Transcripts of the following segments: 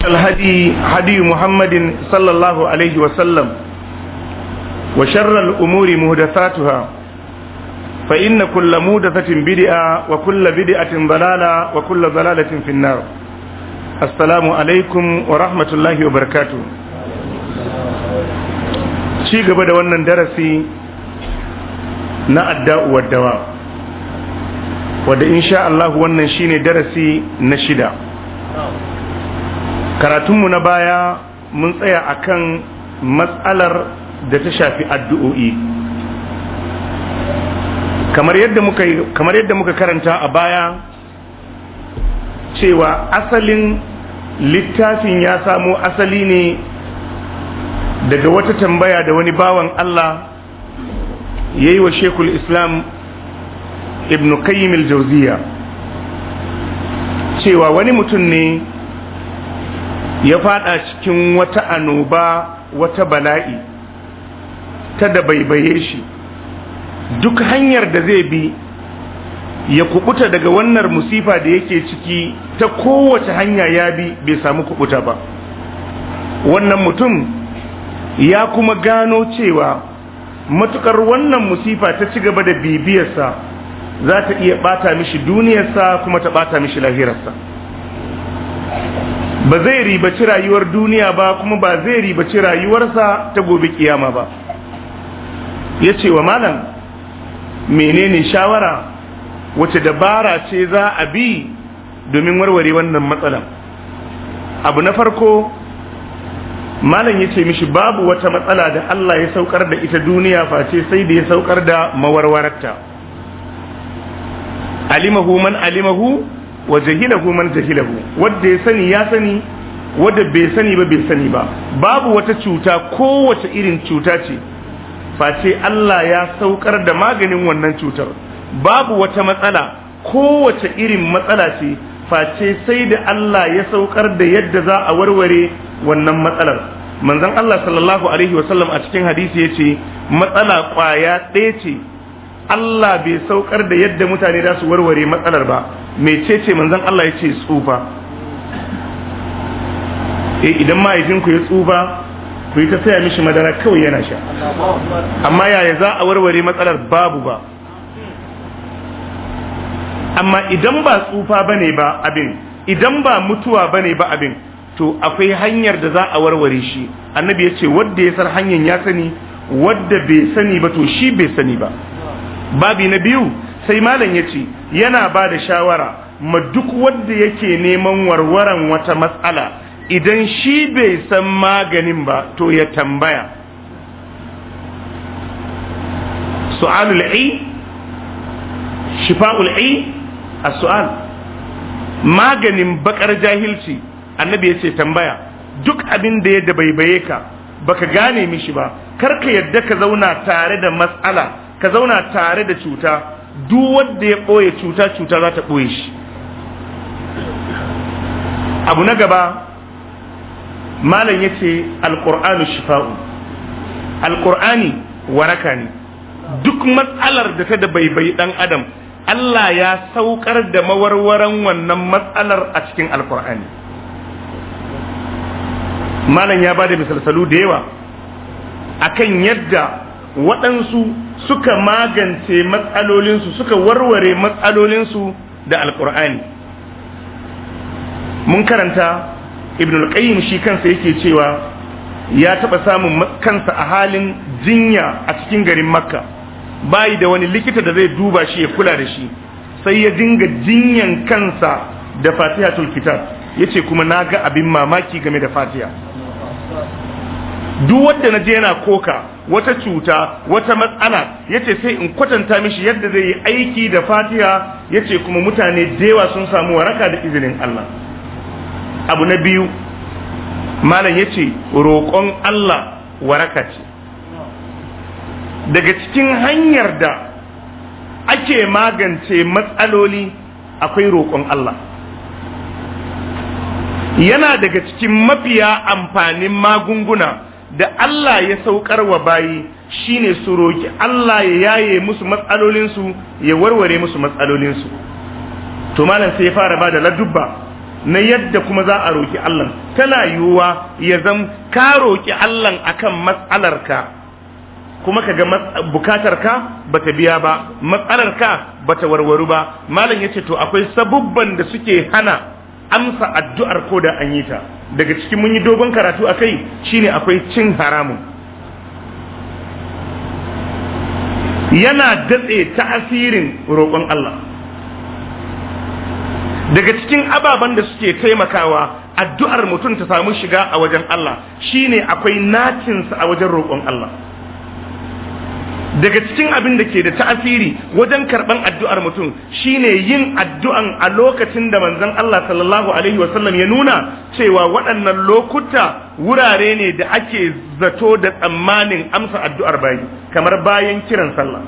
الهدي هدي محمد صلى الله عليه وسلم وشر الأمور مهدثاتها فإن كل مهدثة بدعة وكل بدعة ضلالة وكل ضلالة في النار السلام عليكم ورحمة الله وبركاته شيء قبل أن درسي نأداء والدواء وده إن شاء الله وأن شيني درسي نشدا karatunmu na baya mun tsaya a kan matsalar da ta shafi addu'o'i kamar yadda muka karanta a baya cewa asalin littafin ya samo asali ne daga wata tambaya da wani bawan Allah ya yi wa shekul islam ibn qayyim jauziya cewa wani mutum ne ya fada cikin wata annoba wata bala'i ta da baibaye shi duk hanyar da zai bi ya kubuta daga wannan musifa da yake ciki ta kowace hanya ya bi bai samu kubuta ba wannan mutum ya kuma gano cewa matukar wannan musifa ta ci gaba da bibiyarsa za ta iya bata mishi duniyarsa kuma ta bata mishi lahirarsa ba zai ribaci rayuwar duniya ba kuma ba zai ribaci rayuwarsa ta gobe kiyama ba ya ce wa malam menene shawara wace dabara ce za a bi domin warware wannan matsalan abu na farko malam ya ce mishi babu wata matsala da Allah ya saukar da ita duniya face sai da ya saukar da mawarwararta alimahu man alimahu wa jahilahu man jahilahu wanda ya sani ya sani wanda bai sani ba bai sani ba babu wata cuta kowace irin cuta ce face Allah ya saukar da maganin wannan cutar babu wata matsala kowace irin matsala ce face sai da Allah ya saukar da yadda za a warware wannan matsalar manzon Allah sallallahu alaihi wasallam a cikin hadisi yace matsala kwaya ɗaya ce Allah bai saukar da yadda mutane za su warware matsalar ba mecece manzon Allah ya ce tsufa eh idan mahaifinku ya tsufa ku yi ta saya mishi madara kawai yana sha amma yaya za a warware matsalar babu ba amma idan ba tsufa ba ne ba abin idan ba mutuwa ba ne ba abin to akwai hanyar da za a warware shi annabi ya ce wadda ya san hanyar ya sani wadda bai sani ba to shi bai sani ba babi na biyu sai malam ya yace yana ba da shawara ma duk wanda yake neman warwaran wata matsala idan shi bai san maganin ba to ya tambaya su'alul ai shifa'ul ai as-su'al maganin bakar jahilci annabi ya ce tambaya duk abin da ya dabaibaye ka baka gane mishi ba kar ka yadda ka zauna tare da matsala ka zauna tare da cuta duk wanda ya ɓoye cuta cuta za ta ɓoye shi abu na gaba malam ya ce shifa'u alƙur'ani waraka ne duk matsalar da ta da baibai ɗan adam Allah ya saukar da mawarwaran wannan matsalar a cikin alƙur'ani malam ya ba da misalsalu da yawa akan yadda waɗansu suka magance matsalolinsu suka warware matsalolinsu da alkur'ani mun karanta ibn al-qayyim shi kansa yake cewa ya taɓa samun kansa a halin jinya a cikin garin makka bayi da wani likita da zai duba shi ya kula da shi sai ya dinga jinyan kansa da fatihatul kitab yace kuma naga abin mamaki game da fatiha duk wanda na je yana koka wata cuta wata matsala yace sai in kwatanta mishi yadda zai yi aiki da fatiha yace kuma mutane da yawa sun samu waraka da izinin Allah abu na biyu malam yace roƙon Allah waraka ce daga cikin hanyar da ake magance matsaloli akwai roƙon Allah yana daga cikin mafiya amfanin magunguna da Allah ya saukar wa bayi shine su roki Allah ya yaye musu matsalolinsu ya warware musu matsalolinsu to malam sai ya fara ba da ladubba na yadda kuma za a roki Allah tana yiwuwa ya zam ka roki Allah akan matsalarka kuma kaga bukatarka bata biya ba matsalarka bata warwaru ba malam yace to akwai sabubban da suke hana amsa addu'ar ko da an yi ta daga cikin mun yi dogon karatu a kai shine akwai cin haramun yana datse ta'asirin roƙon Allah daga cikin ababen da suke taimakawa addu'ar mutum ta samu shiga a wajen Allah shine akwai nacinsa a wajen roƙon Allah daga cikin abin da ke da ta'asiri wajen karban addu'ar mutum shine yin addu'an a lokacin da manzon Allah sallallahu alaihi wasallam ya nuna cewa waɗannan lokuta wurare ne da ake zato da tsammanin amsa addu'ar bayi kamar bayan kiran sallah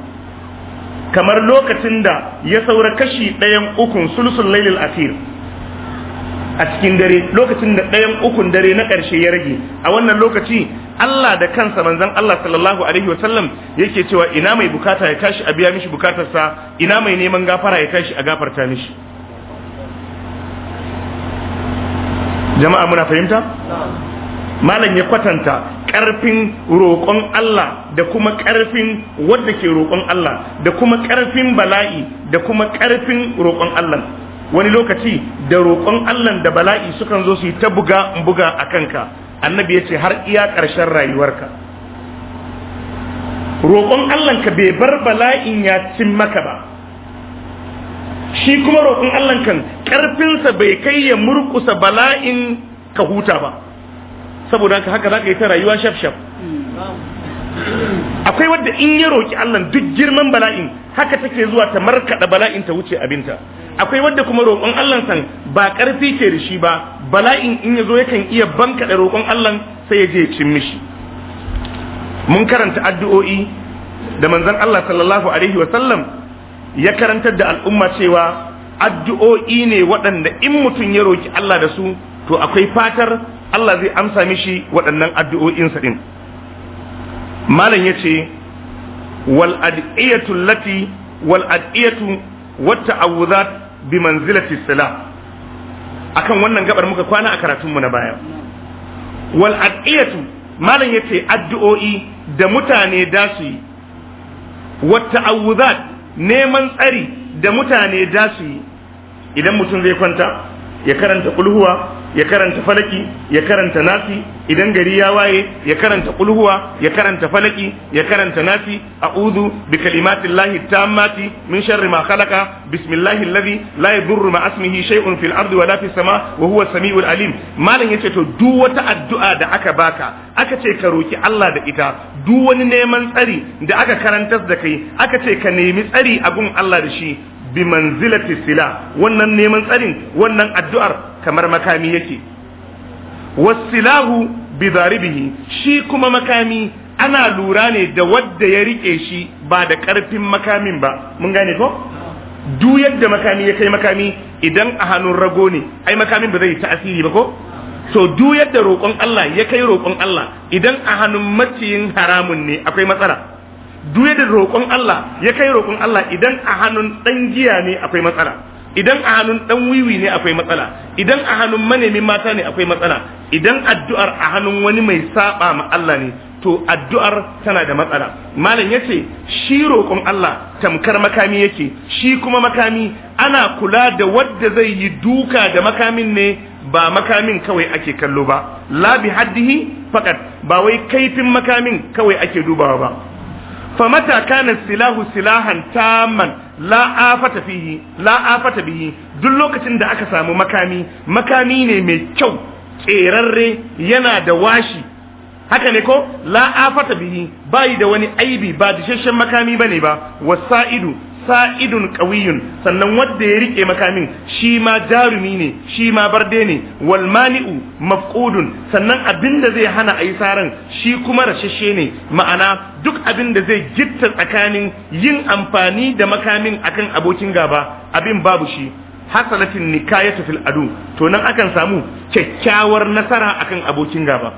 kamar lokacin da ya saura kashi ɗayan ukun sulsul lailil asir a cikin dare lokacin da ɗayan ukun dare na ƙarshe ya rage a wannan lokaci Allah da kansa manzon Allah sallallahu alaihi wa sallam yake cewa ina mai bukata ya tashi a biya mishi bukatarsa ina mai neman gafara ya tashi a gafarta mishi jama'a muna fahimta malam ya kwatanta ƙarfin roƙon Allah da kuma ƙarfin wadda ke roƙon Allah da kuma ƙarfin bala'i da kuma ƙarfin roƙon Allah wani lokaci da roƙon Allah da bala'i sukan zo su yi ta buga buga a kanka annabi ya ce har iya ƙarshen rayuwarka roƙon allah ka bai bar bala'in ya cin maka ba shi kuma roƙon Allah kan ƙarfinsa bai kai ya murƙusa bala'in ka huta ba saboda haka za ka yi ta rayuwa shaf-shaf akwai wadda in ya roƙi Allah duk girman bala'in haka take zuwa ta markaɗa bala'in ta wuce abinta akwai wanda kuma roƙon Allah san ba ƙarfi ke da shi ba bala'in in yazo yakan iya banka da roƙon Allah sai ya je ya cin mishi mun karanta addu'o'i da manzon Allah sallallahu alaihi wa sallam ya karantar da al'umma cewa addu'o'i ne waɗanda in mutum ya roki Allah da su to akwai fatar Allah zai amsa mishi waɗannan addu'o'insa din malam yace wal ad'iyatu Lati, wal ad'iyatu wata awuzat bi manzilati salam akan wannan gabar muka kwana a karatunmu na baya wal adiyatu malam yace addu'o'i da mutane da su yi wata awuzat neman tsari da mutane da su idan mutum zai kwanta ya karanta kulhuwa ya karanta falaki ya karanta nasi idan gari ya waye ya karanta kulhuwa ya karanta falaki ya karanta nasi a'udhu bi kalimatillahi tammati min sharri ma khalaqa bismillahi alladhi la yadurru ma asmihi shay'un fil ardi wa la fis sama wa huwa samiul alim malam yace to duk wata addu'a da aka baka aka ce ka roki Allah da ita duk wani neman tsari da aka karantar da kai aka ce ka nemi tsari a gun Allah da shi bi manzilati sila wannan neman tsarin wannan addu'ar kamar makami yake wasilahu bi zaribihi shi kuma makami ana lura ne da wadda ya rike shi ba da karfin makamin ba mun gane ko duk yadda makami ya kai makami idan a hannun rago ne ai makamin ba zai ta'asiri ba ko to duk yadda roƙon Allah ya kai roƙon Allah idan a hannun maciyin haramun ne akwai matsala duye da roƙon Allah ya kai roƙon Allah idan a hannun ɗan giya ne akwai matsala idan a hannun ɗan wiwi ne akwai matsala idan a hannun manemin mata ne akwai matsala idan addu'ar a hannun wani mai saba ma Allah ne to addu'ar tana da matsala malam yace shi roƙon Allah tamkar makami yake shi kuma makami ana kula da wadda zai yi duka da makamin ne ba makamin kawai ake kallo ba la bi haddihi faqat ba wai kaifin makamin kawai ake dubawa ba fa mata kana silahu silahan tamman la afata fihi la bihi duk lokacin da aka samu makami makami ne mai kyau kerarre yana da washi haka ne ko la afata bihi bai da wani aibi ba dishashen makami bane ba wasaidu sa'idun qawiyun sannan wanda ya riƙe makamin shi ma jarumi ne shi ma barde ne walmani'u mani'u sannan abin da zai hana ayi saran shi kuma rashashe ne ma'ana duk abin da zai gitta tsakanin yin amfani da makamin akan abokin gaba abin babu shi hasalatin nikayatu fil adu to nan akan samu kyakkyawar nasara akan abokin gaba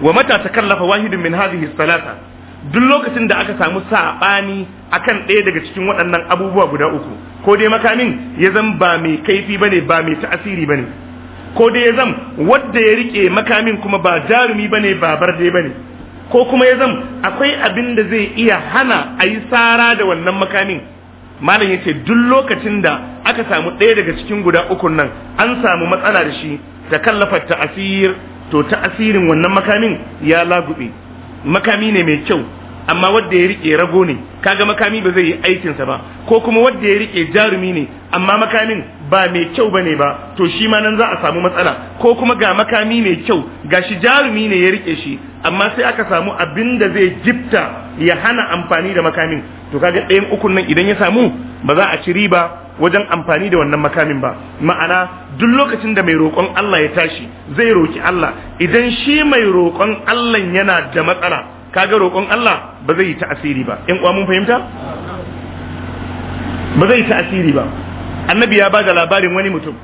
wa mata takallafa wahidun min hadhihi salata duk lokacin da aka samu saɓani akan ɗaya daga cikin waɗannan abubuwa guda uku ko dai makamin ya zan ba mai kaifi ba ne ba mai ta'asiri ba ne, ko dai ya zan wadda ya rike makamin kuma ba jarumi ba ne ba barde bane ko kuma ya zan akwai abin da zai iya hana a yi sara da wannan makamin malam yace duk lokacin da aka samu ɗaya daga cikin guda ukun nan an samu matsala da shi ta kallafa ta'asir to ta'asirin wannan makamin ya lagube makami ne mai kyau amma wadda ya rike rago ne kaga makami ba zai yi aikinsa ba ko kuma wadda ya rike jarumi ne amma makamin ba mai kyau ne ba to shi ma nan za a samu matsala ko kuma ga makami mai kyau ga shi jarumi ne ya rike shi amma sai aka samu abin da zai jifta ya hana amfani da makamin to kaga ɗayan ukun nan idan ya samu ba za a ci riba wajen amfani da wannan makamin ba ma'ana duk lokacin da mai roƙon Allah ya tashi zai roƙi Allah idan shi mai roƙon Allah yana da matsala kaga roƙon Allah ba zai yi ta'asiri ba in uwa mun fahimta ba zai yi ta'asiri ba annabi ya ba da labarin wani mutum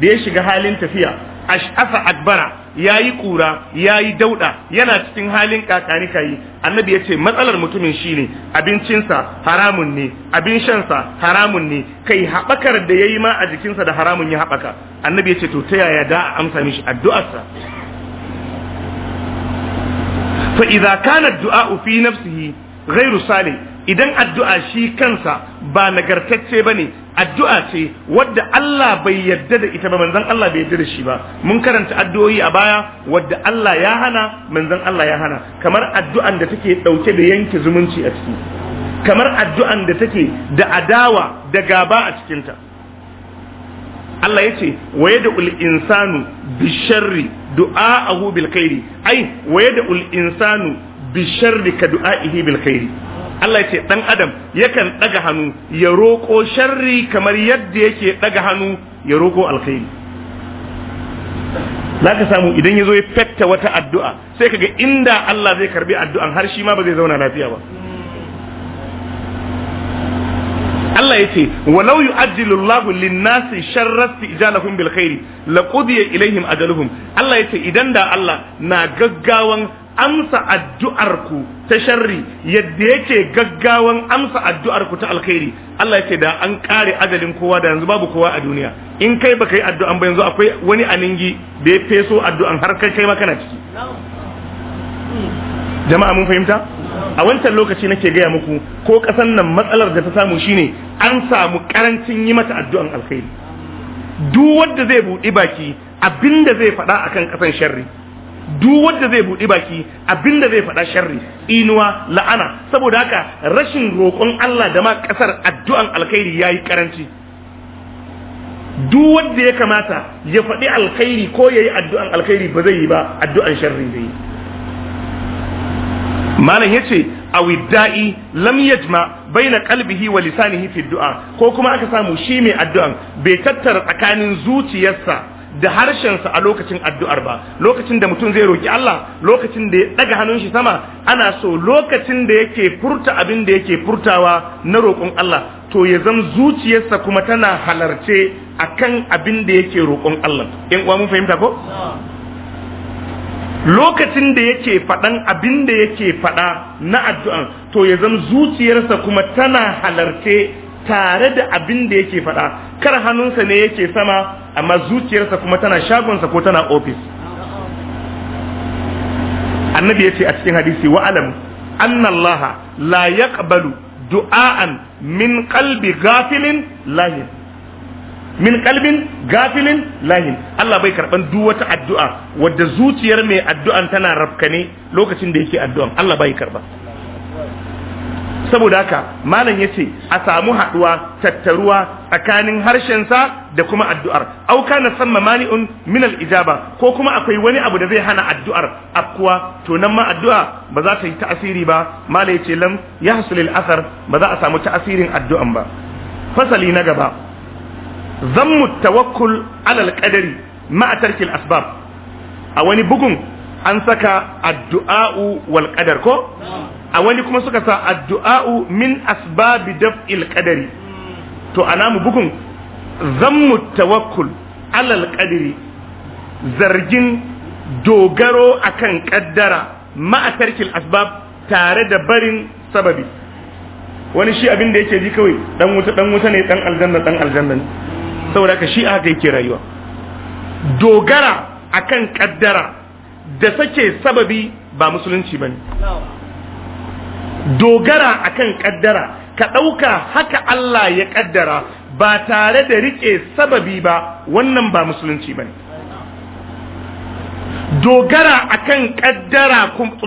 da ya shiga halin tafiya ash'afa akbara yayi kura yayi dauda yana cikin halin kakani kai annabi yace matsalar mutumin shine abincinsa haramun ne abin shansa haramun ne kai habakar da yayi ma a jikinsa da haramun ya habaka annabi yace to ta yaya da amsa mishi addu'arsa fa idza kana ad fi nafsihi ghairu salih idan addu'a shi kansa ba nagartacce bane addu'a ce wadda Allah bai yadda da ita ba manzon Allah bai yadda da shi ba mun karanta addu'o'i a baya wadda Allah ya hana manzon Allah ya hana kamar addu'an da take dauke da yanke zumunci a ciki kamar addu'an da take da adawa da gaba a cikinta Allah ya ce waye da ul insanu bisharri du'a'ahu bil khairi ai waye da ul insanu bisharri ka du'a'ihi bil khairi Allah ya ce ɗan adam yakan ɗaga hannu ya roƙo sharri kamar yadda yake ɗaga hannu ya roko alkhairi zaka samu idan zo ya fetta wata addu'a sai ka in inda Allah zai karbi addu'an har shi ma ba zai zauna lafiya ba Allah ya ce walau yu'ajjilu Allahu lin-nasi sharra istijalahum bil khairi laqudiya ilaihim ajaluhum Allah ya ce idan da Allah na gaggawan amsa addu'arku ta sharri yadda yake gaggawan amsa addu'arku ta alkhairi Allah yake da an kare ajalin kowa da yanzu babu kowa a duniya in kai baka yi addu'an ba yanzu akwai wani aningi da ya feso addu'an har kai kai ma kana ciki jama'a mun fahimta a wancan lokaci nake gaya muku ko kasan nan matsalar da ta samu shine an samu karancin yi mata addu'an alkhairi duk wanda zai buɗi baki abinda zai faɗa akan kasan sharri duk wanda zai buɗi baki abinda zai faɗa sharri inuwa la'ana saboda haka rashin roƙon Allah da ma ƙasar addu'an alkhairi yayi karanci duk wanda ya kamata ya faɗi alkhairi ko ya yi addu'an alkhairi ba zai yi ba addu'an sharri zai yi malam yace awi da'i lam yajma baina qalbihi wa lisanihi fi du'a ko kuma aka samu shi mai addu'an bai tattara tsakanin zuciyarsa da harshensa a lokacin addu'ar ba lokacin da mutum zai roki Allah lokacin da ya ɗaga hannun shi sama ana so lokacin da yake furta abin da yake furtawa na roƙon Allah to ya zan zuciyarsa kuma tana halarce akan abin da yake roƙon Allah in uwa mun fahimta ko lokacin da yake faɗan abin da yake faɗa na addu'an to ya zama zuciyarsa kuma tana halarce tare da abin da yake faɗa kar hannunsa ne yake sama amma zuciyarsa kuma tana shagonsa ko tana ofis annabi ya ce a cikin hadisi wa alam anna Allah la yaqbalu du'aan min qalbi ghafilin lahin min qalbin gafilin lahin Allah bai karban duk wata addu'a wadda zuciyar mai addu'an tana rafkane lokacin da yake addu'an Allah bai karba saboda haka malam ya ce a samu haɗuwa, tattaruwa tsakanin harshensa da kuma addu'ar auka na samma mani'un min ijaba ko kuma akwai wani abu da zai hana addu'ar akuwa. to nan ma addu'a ba za ta yi ta'asiri ba malam yace lam yahsul al-athar ba za a samu ta'asirin addu'an ba fasali na gaba mu tawakkul alal al-qadari ma'a tarkil asbab a wani bugun an saka addu'a'u wal ko a wani kuma suka sa addu'a'u min asbabi daf'il qadari to ana mu bugun zammu tawakkul alal qadri zargin dogaro akan kaddara ma'a tarkil asbab tare da barin sababi wani shi abin da yake ji kawai dan wuta dan wuta ne dan aljanna dan aljanna ne saboda ka shi haka yake rayuwa dogara akan kaddara da sake sababi ba musulunci bane dogara akan kaddara ka ɗauka haka Allah ya kaddara ba tare da riƙe sababi ba wannan ba musulunci ba dogara akan kaddara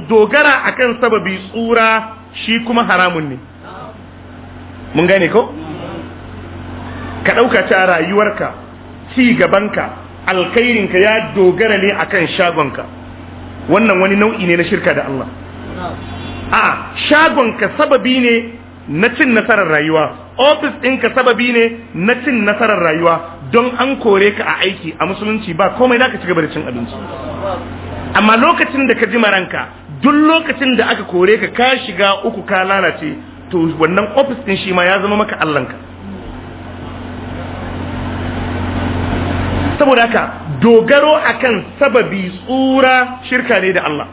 dogara akan sababi tsura shi kuma haramun ne mun gane ko ka ɗauka ta rayuwarka ci gabanka alkhairinka ya dogara ne akan shagonka wannan wani nau'i ne na shirka da Allah a ka sababi ne na cin nasarar rayuwa ofis ɗinka sababi ne na cin nasarar rayuwa don an kore ka a aiki a musulunci ba komai za ka ci gaba da cin abinci amma lokacin da ka ji maranka duk lokacin da aka kore ka ka shiga uku ka lalace to wannan ofis ɗin shi ma ya zama maka allanka saboda haka dogaro akan sababi tsura shirka ne da Allah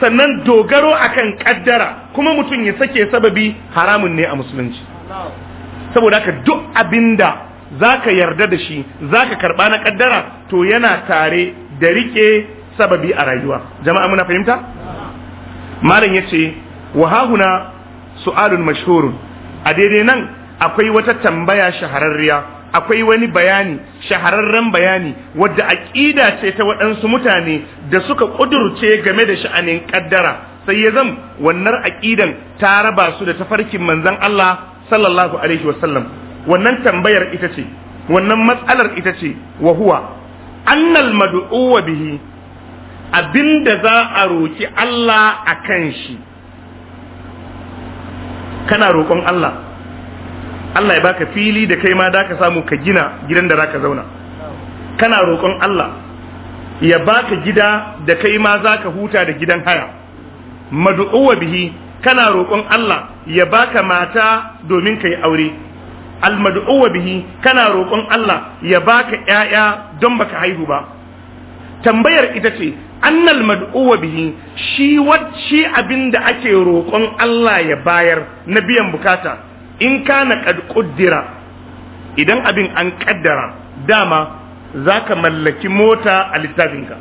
sannan dogaro akan kaddara kuma mutum ya sake sababi haramun ne a musulunci saboda haka duk abinda zaka yarda da shi zaka karba na kaddara to yana tare da rike sababi a rayuwa jama'a muna fahimta malam yace wa hahuna su'alun mashhurun a daidai nan akwai wata tambaya shahararriya akwai wani bayani shahararren bayani wadda aƙida ce ta waɗansu mutane da suka ƙudurce game da sha'anin ƙaddara sai ya zam wannan aƙidan ta raba su da tafarkin manzon Allah sallallahu alaihi wasallam wannan tambayar ita ce wannan matsalar ita ce wa huwa annal mad'uwa bihi abinda za a roki Allah akan shi kana roƙon Allah Allah ya baka fili da kai ma da ka samu ka gina gidan da zaka zauna kana roƙon Allah ya baka gida da kai ma zaka huta da gidan haya mad'uwa bihi kana roƙon Allah ya baka mata domin kai aure almad'uwa bihi kana roƙon Allah ya baka ƴaƴa don baka haihu ba tambayar ita ce annal mad'uwa bihi shi wacce abinda ake roƙon Allah ya bayar na biyan bukata in kana qad quddira idan abin an kaddara dama zaka mallaki mota a littafinka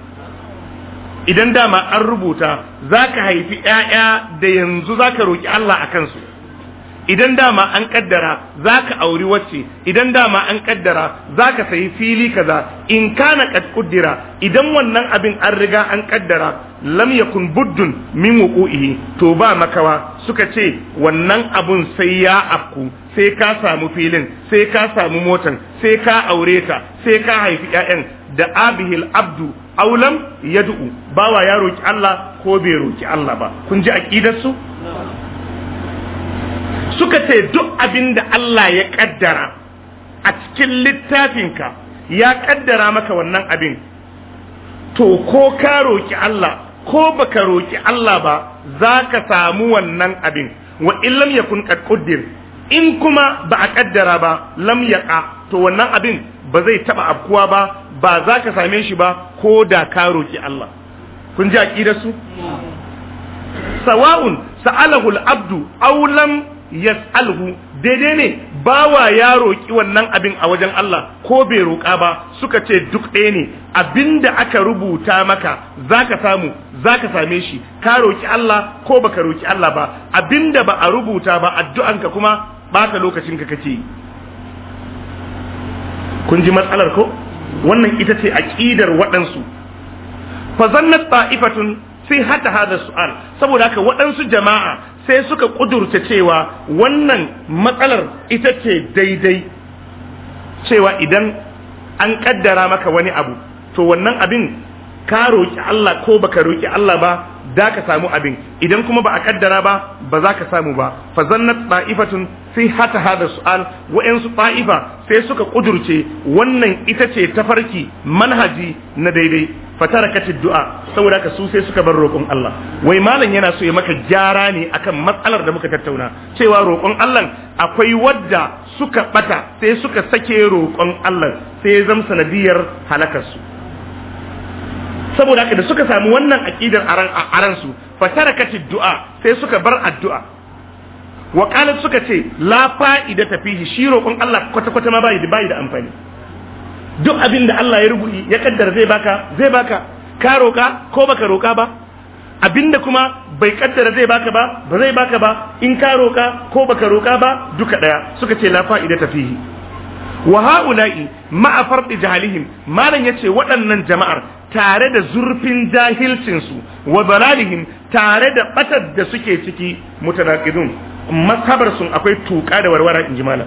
idan dama an rubuta zaka haifi 'ya'ya da yanzu zaka roki Allah akan su idan dama an kaddara ka auri wacce idan dama an kaddara ka sayi fili kaza in kana na kudira. idan wannan abin an riga an kaddara lam yakun buddun min wuqu'ihi to ba makawa suka ce wannan abun sai ya afku sai ka samu filin sai ka samu motan sai ka aure ta sai ka haifi ƴaƴan da abihil abdu aulam yad'u bawa ya roki Allah ko bai roki Allah ba kun ji aqidar su suka ce duk abin da Allah ya ƙaddara a cikin littafinka ya ƙaddara maka wannan abin to ko ka roƙi Allah ko baka roƙi Allah ba za ka samu wannan abin wa illam yakun kun qaddir in kuma ba a ƙaddara ba lam to wannan abin ba zai taɓa afkuwa ba ba za ka same shi ba ko da ka roƙi Allah kun ji aqidar su sawa'un sa'alahu al-abdu aw lam yas'alhu daidai ne bawa ya roƙi wannan abin a wajen Allah ko bai roƙa ba suka ce duk ɗaya ne abinda aka rubuta maka zaka samu zaka same shi ka roƙi Allah ko baka roki Allah ba abinda ba a rubuta ba addu'an ka kuma baka lokacin ka kake kun ji matsalar ko wannan ita ce aqidar waɗansu fa zannat ta'ifatun fi hatta hada su'al saboda haka waɗansu jama'a sai suka kudurta cewa wannan matsalar ita ce daidai cewa idan an kaddara maka wani abu to wannan abin ka roƙi Allah ko baka roƙi Allah ba da ka samu abin idan kuma ba a kaddara ba ba za ka samu ba fa zannat ta'ifatun sai hata hada su'al wa'ansu ta'ifa sai suka kudurce wannan ita ce tafarki manhaji na daidai fatarakatid du'a saboda ka su sai suka bar roƙon Allah wai malam yana so ya maka gyara ne akan matsalar da muka tattauna cewa roƙon Allah akwai wadda suka bata sai suka sake roƙon Allah sai ya zama sanadiyar halakarsu saboda haka da suka samu wannan aqidar aran aran su fa tarakatid du'a sai suka bar addu'a wa qalat suka ce la fa'ida ta fihi shi roƙon Allah kwata kwata ma bai da bai da amfani duk abin da Allah ya rubuci ya kaddara zai baka zai baka ka roƙa ko baka roƙa ba abinda kuma bai kaddara zai baka ba ba zai baka ba in ka roƙa ko baka roka ba duka daya suka ce la fa'ida ta fihi wa ha'ula'i ma'a farɗi jahalihim malam yace waɗannan jama'ar tare da zurfin jahilcinsu wa balalihim tare da batar da suke ciki mutanaqidun masabar sun akwai tuka da warwara inji mala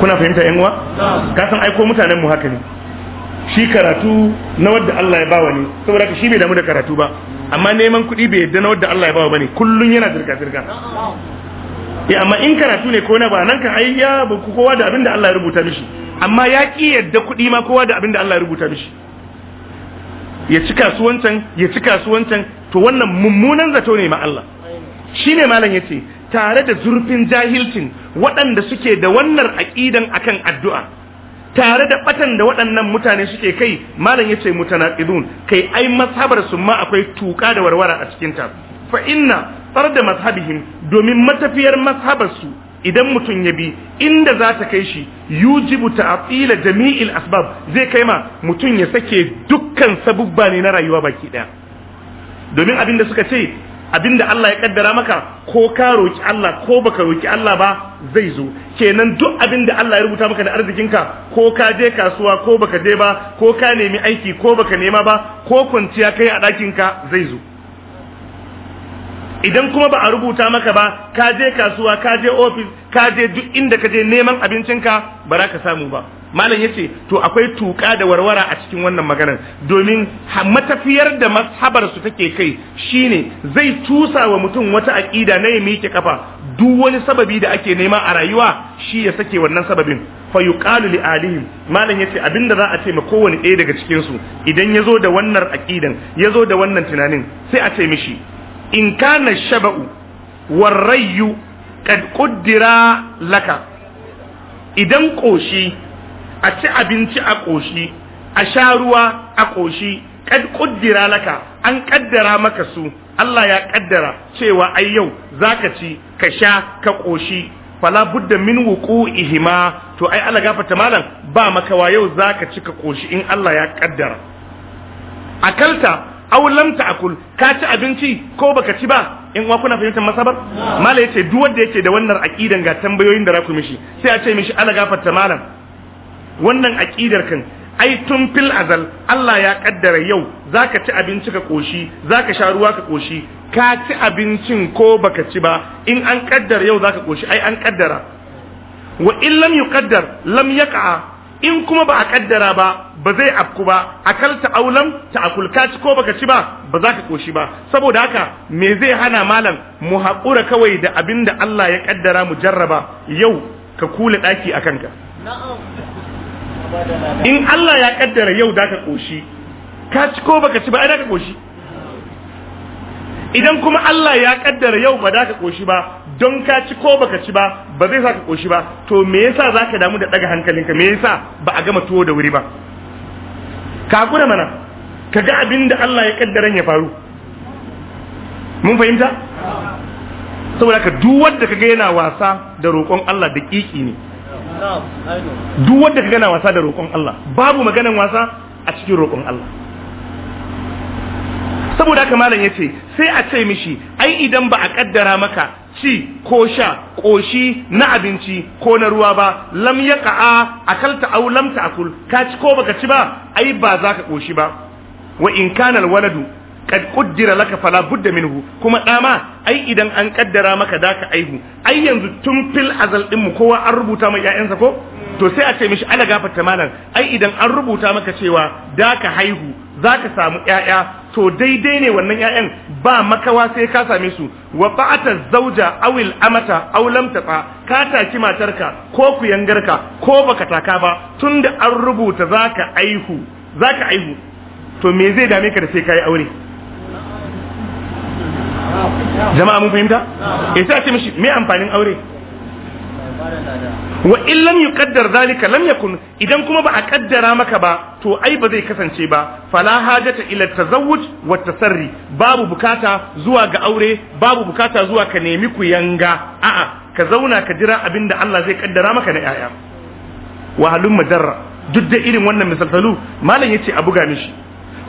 kuna fahimta yan uwa ka san aiko mutanen mu haka ne shi karatu na wadda Allah ya bawa ne saboda ka shi bai damu da karatu ba amma neman kuɗi bai yadda na wadda Allah ya bawa bane kullun yana zirga zirga ya amma in karatu ne ko na ba nan ka ai ya buku kowa da abin Allah ya rubuta mishi amma ya ki yadda kuɗi ma kowa da abin da Allah ya rubuta mishi ya ci kasuwancan ya ci kasuwancan to wannan mummunan zato ne ma Allah shine malam yace tare da zurfin jahilcin waɗanda suke da wannan aqidan akan addu'a tare da batan da waɗannan mutane suke kai malam yace mutanaqidun kai ai masabar su ma akwai tuka da warwara a cikin ta fa inna tsar da mazhabihim domin matafiyar mazhabarsu idan mutum ya bi inda za ta kai shi yujibu ta'atila jami'il asbab zai kai ma mutum ya sake dukkan sabubba ne na rayuwa baki ɗaya. domin abin da suka ce abinda Allah ya kaddara maka ko ka roki Allah ko baka roki Allah ba zai zo kenan duk abin da Allah ya rubuta maka da arzikinka ko ka je kasuwa ko baka je ba ko ka nemi aiki ko baka nema ba ko kwanciya kai a ɗakinka zai zo idan kuma ba a rubuta maka ba ka je kasuwa ka je ofis ka je duk inda ka je neman abincinka ba za ka samu ba malam yace to akwai tuka da warwara a cikin wannan maganar domin matafiyar da mashabar su take kai shine zai tusa wa mutum wata aƙida na ya miƙe kafa duk wani sababi da ake nema a rayuwa shi ya sake wannan sababin fa yuqalu li alihim malam yace abinda za a ce ma kowanne ɗaya daga cikin su idan yazo da wannan aqidan yazo da wannan tunanin sai a ce mishi in kana shaba'u warrayu kad kuddira laka idan koshi a ci abinci a koshi a sha ruwa a koshi kad kuddira laka an kaddara maka su Allah ya kaddara cewa ai yau zaka ci ka sha ka koshi fala budda min wuqu'ihima to ai Allah gafarta malam ba maka wa yau zaka ci ka koshi in Allah ya kaddara akalta aw lam ta'kul ka ci abinci ko baka ci ba in wa kuna fahimtar masabar mala yace duk wanda yake da wannan aqidan ga tambayoyin da raku mishi sai a ce mishi ala gafarta malam wannan aqidar kan ai tun fil azal Allah ya kaddara yau zaka ci abinci ka koshi zaka sha ruwa ka koshi ka ci abincin ko baka ci ba in an kaddara yau zaka koshi ai an kaddara wa in lam yuqaddar lam yaqa in kuma ba a kaddara ba ba zai afku ba akalta aulam ta akul ka ci ko baka ci ba ba za ka koshi ba saboda haka me zai hana malam mu haƙura kawai da abin da Allah ya kaddara mu jarraba yau ka kula ɗaki a kanka in Allah ya kaddara yau da ka koshi ka ci ko baka ci ba ai da ka koshi idan kuma Allah ya kaddara yau ba da ka koshi ba don ka ci ko baka ci ba ba zai saka koshi ba to me yasa zaka damu da daga hankalinka me yasa ba a gama tuwo da wuri ba ka kura mana ka ga abin da Allah ya kaddara ya faru mun fahimta saboda ka duk wanda kaga yana wasa da roƙon Allah da kiki ne duk wanda kaga yana wasa da roƙon Allah babu maganan wasa a cikin roƙon Allah saboda haka malam ya ce sai a ce mishi ai idan ba a kaddara maka ci ko sha ƙoshi na abinci ko na ruwa ba lam ya ka'a akalta au lam ta'kul ka ci ko baka ci ba ai ba za ka ƙoshi ba wa in kana alwaladu kad kuddira laka fala budda minhu kuma dama ai idan an kaddara maka da ka aihu ai yanzu tun fil azal din mu kowa an rubuta mai 'ya'yansa ko to sai a ce mishi ala gafarta malam ai idan an rubuta maka cewa da ka haihu za ka samu 'ya'ya to daidai ne wannan ƴaƴan ba makawa sai ka same su wa ba'ata zauja awil amata aw lam tafa ka taki matarka ko ku ka ko baka taka ba tunda an rubuta ka aihu ka aihu to me zai dame ka da sai kai aure jama'a mun fahimta eh sai a mishi me amfanin aure wa in yuqaddar zalika lam yakun idan kuma ba a kaddara maka ba to ai ba zai kasance ba fala hajata ila tazawwuj wa tasarri babu bukata zuwa ga aure babu bukata zuwa ka nemi ku yanga a'a ka zauna ka jira abinda Allah zai kaddara maka na yaya wa halum majarra duk da irin wannan misalsalu malam yace a buga mishi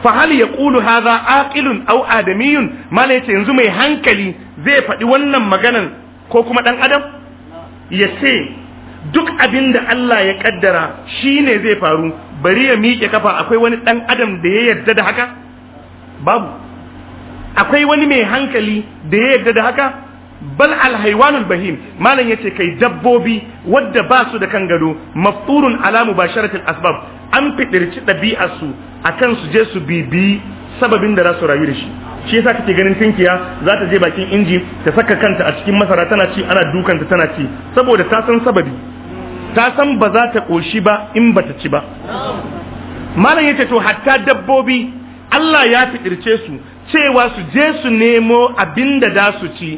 fa hal ƙulu haza aqilun au adamiyun mala yace yanzu mai hankali zai faɗi wannan maganan ko kuma ɗan adam ya ce duk abin da Allah ya kaddara shine zai faru bari ya miƙe kafa akwai wani dan adam da ya yarda da haka babu akwai wani mai hankali da ya yarda da haka bal alhaiwanul bahim malam yace kai dabbobi wadda ba su da kan gado mafturun ala mubasharatil asbab an fitirci ɗabi'arsu a kan su je su bibi sababin da za su rayu da shi shi yasa kake ganin tinkiya za ta je bakin inji ta saka kanta a cikin masara tana ci ana dukanta tana ci saboda ta san sababi ta san ba za ta ƙoshi ba in ba ta ci ba malam yace to hatta dabbobi Allah ya fitirce su cewa su je su nemo abinda da da su ci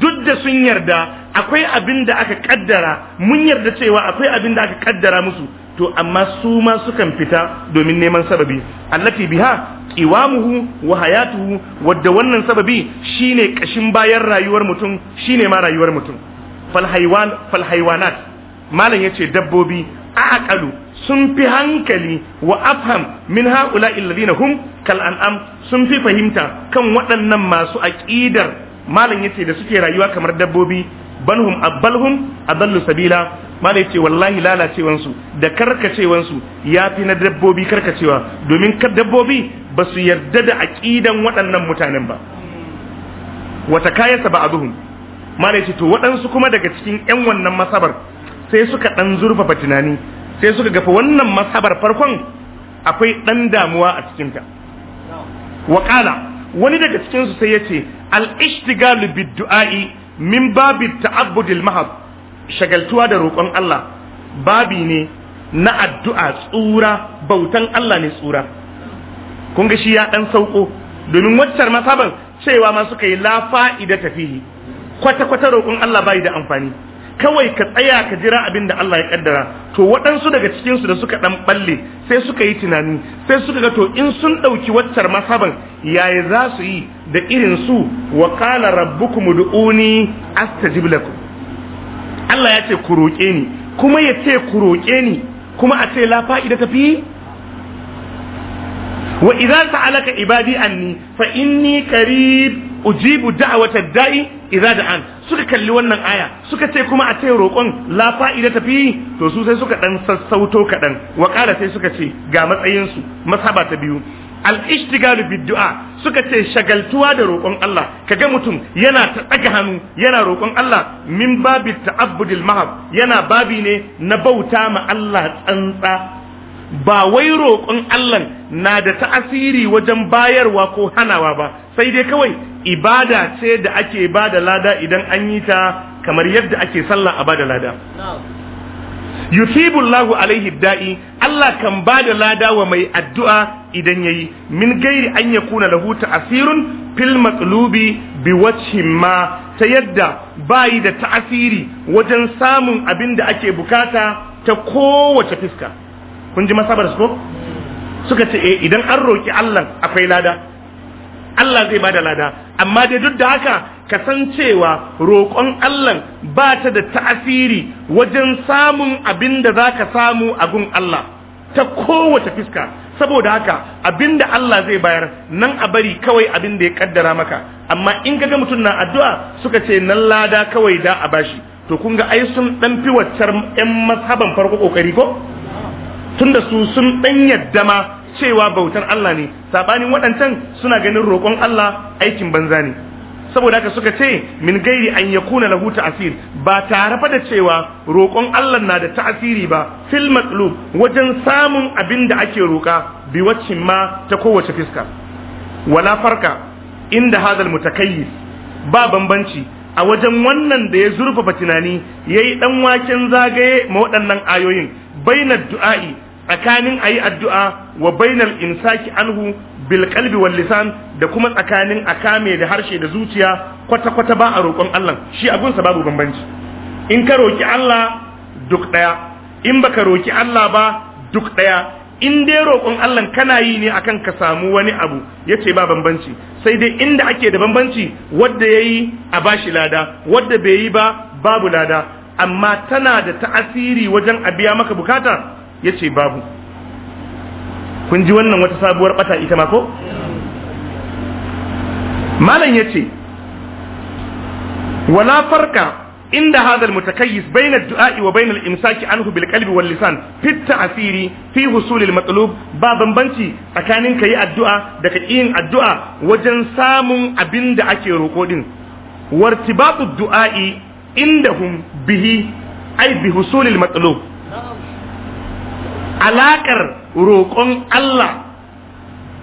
duk da sun yarda akwai abin da aka kaddara mun yarda cewa akwai abin da aka kaddara musu to amma su ma sukan fita domin neman sababi allati biha qiwamuhu wa hayatuhu wadda wannan sababi shine kashin bayan rayuwar mutum shine ma rayuwar mutum fal haywan fal haywanat malam yace dabbobi aqalu sun fi hankali wa afham min haula alladhina hum kal an'am sun fi fahimta kan waɗannan masu aqidar malam yace da suke rayuwa kamar dabbobi balhum abbalhum adallu sabila mala yace wallahi lalacewan da karkacewansu ya yafi na dabbobi karkacewa domin kar dabbobi ba su yarda da aƙidan waɗannan mutanen ba wata kayasa ba a mala yace to waɗansu kuma daga cikin ƴan wannan masabar sai suka ɗan zurfafa tunani sai suka gafa wannan masabar farkon akwai ɗan damuwa a cikinta. Wakala wani daga cikinsu sai yace al-ishtigalu bid-du'a'i min babi ta'abbudil mahab shagaltuwa da roƙon Allah babi ne na addu'a tsura bautan Allah ne tsura kun ga shi ya dan sauko domin waccar masaban cewa ma suka yi la fa'ida tafihi kwata kwata roƙon Allah bai da amfani kawai ka tsaya ka jira abin da Allah ya kaddara to waɗansu daga cikinsu da suka ɗan ɓalle sai suka yi tunani sai suka ga to in sun ɗauki waccar masaban yaya za su yi da irin su wa qala rabbukum ud'uni astajib lakum Allah ya ce ku roƙe ni kuma ya ce ku roƙe ni kuma a ce la fa'ida tafi wa idza sa'alaka ibadi anni fa inni qarib ujibu da'wata da'i Iza da an suka kalli wannan aya suka ce kuma a ce roƙon la fa'ida tafi to su sai suka dan sassauto kaɗan wa ƙara sai suka ce ga matsayin su masaba ta biyu al-ishtigalu bid-du'a suka ce shagaltuwa da roƙon Allah kaga mutum yana ta tsaga hannu yana roƙon Allah min babi ta'abbudil mahab yana babi ne na bauta ma Allah tsantsa ba wai roƙon Allah na da ta'asiri wajen bayarwa ko hanawa ba sai dai kawai ibada ce da ake ba da lada idan an yi ta kamar yadda ake sallah a ba lada yusibu Allahu alaihi da'i Allah kan ba da lada wa mai addu'a idan yayi min gairi an ya kuna lahu ta'asirun fil maqlubi bi wajhin ma ta yadda bayi da ta'asiri wajen samun abin da ake bukata ta kowace fiska kun ji masabar su ko suka ce eh idan an roki Allah akwai lada Allah zai bada lada amma dai duk da haka ka san cewa roƙon Allah ba ta da ta'asiri wajen samun abin da za ka samu a gun Allah ta kowace fiska saboda haka abin da Allah zai bayar nan a bari kawai abin da ya kaddara maka amma in ka ga mutum na addu'a suka ce nan lada kawai da a bashi to kun ga ai sun dan fi waccar yan mazhaban farko kokari ko tunda su sun ɗan yadda ma cewa bautar Allah ne sabanin waɗancan suna ganin roƙon Allah aikin banza ne saboda haka suka ce min gairi an yakuna lahu ta'sir ba tare fa da cewa roƙon Allah na da ta'asiri ba fil matlub wajen samun abin da ake roƙa bi waccin ma ta kowace fiska wala farka inda hadal mutakayyif ba bambanci a wajen wannan da ya zurfafa tunani yayi dan waken zagaye ma waɗannan ayoyin bainar du'a'i tsakanin a yi addu'a wa bainal insaki anhu bilkalbi qalbi wal lisan da kuma tsakanin a kame da harshe da zuciya kwata kwata ba a roƙon Allah shi a gunsa babu bambanci in ka roƙi Allah duk ɗaya, in baka roƙi Allah ba duk ɗaya, in dai roƙon Allah kana yi ne akan ka samu wani abu ya ce ba bambanci sai dai inda ake da bambanci wadda ya yi a bashi lada wadda bai yi ba babu lada amma tana da ta'asiri wajen a biya maka bukata ce babu kun ji wannan wata sabuwar bata ita ma ko malam yace wala farka inda hadal mutakayyis bayna du'a'i wa bayna al-imsaki anhu bil qalbi wal lisan fi asiri fi husul al-matlub ba bambanci tsakanin kayi addu'a da ka yin addu'a wajen samun abin da ake roko din wartibatu du'a'i indahum bihi ay bi husul al-matlub Alaƙar roƙon Allah